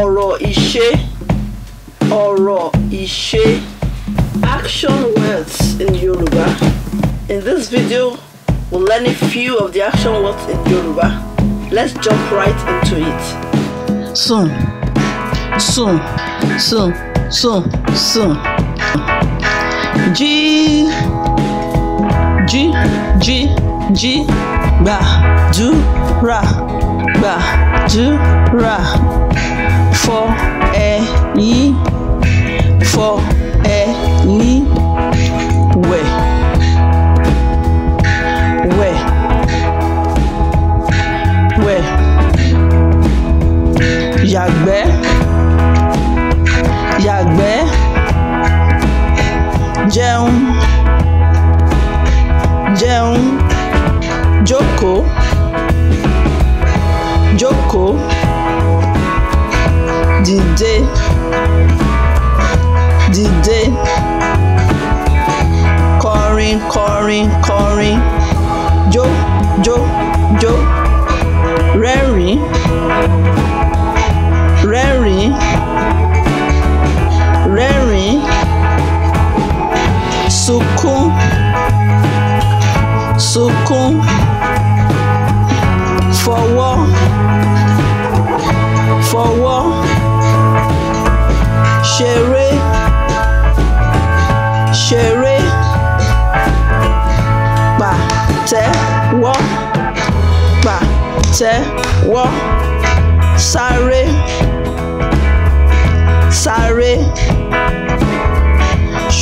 ọ̀rọ̀ ìṣe ọ̀rọ̀ ìṣe action words in Yoruba. In this video, we'll learn a few of the action words in Yoruba. Let's jump right into it. Soon, soon, soon, soon, soon. G, G, Jí jí jí jí gbàdúrà gbàdúrà fọ ẹ̀yìn fọ ẹ̀yìn wẹ̀ wẹ̀ wẹ̀ yàgbẹ́ yàgbẹ́ jẹun jẹun jókòó jókòó dìde dìde kọrin kọrin kọrin jó jó jó rẹ́rìn rẹ́rìn rẹ́rìn sunkún sunkún fọwọ́. tẹ́wọ́ sáré sáré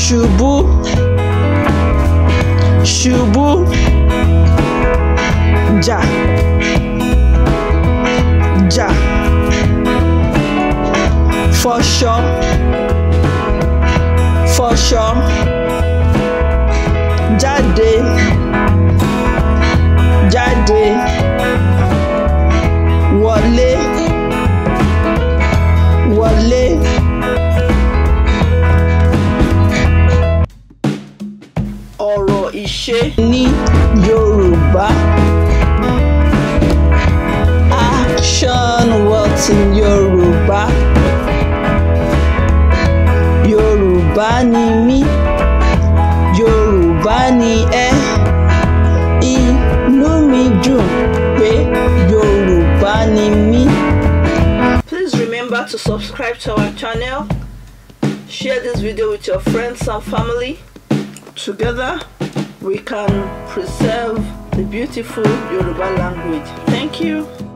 ṣubú ṣubú jà jà fọṣọ fọṣọ jáde jáde. wọlé. ọ̀rọ̀ ìṣe ní Yorùbá. Action words in Yorùbá. Yorùbá ni mí. Yorùbá ni ẹ. remember to subscribe to our channel share this video with your friends and family together we can preserve the beautiful Yoruba language thank you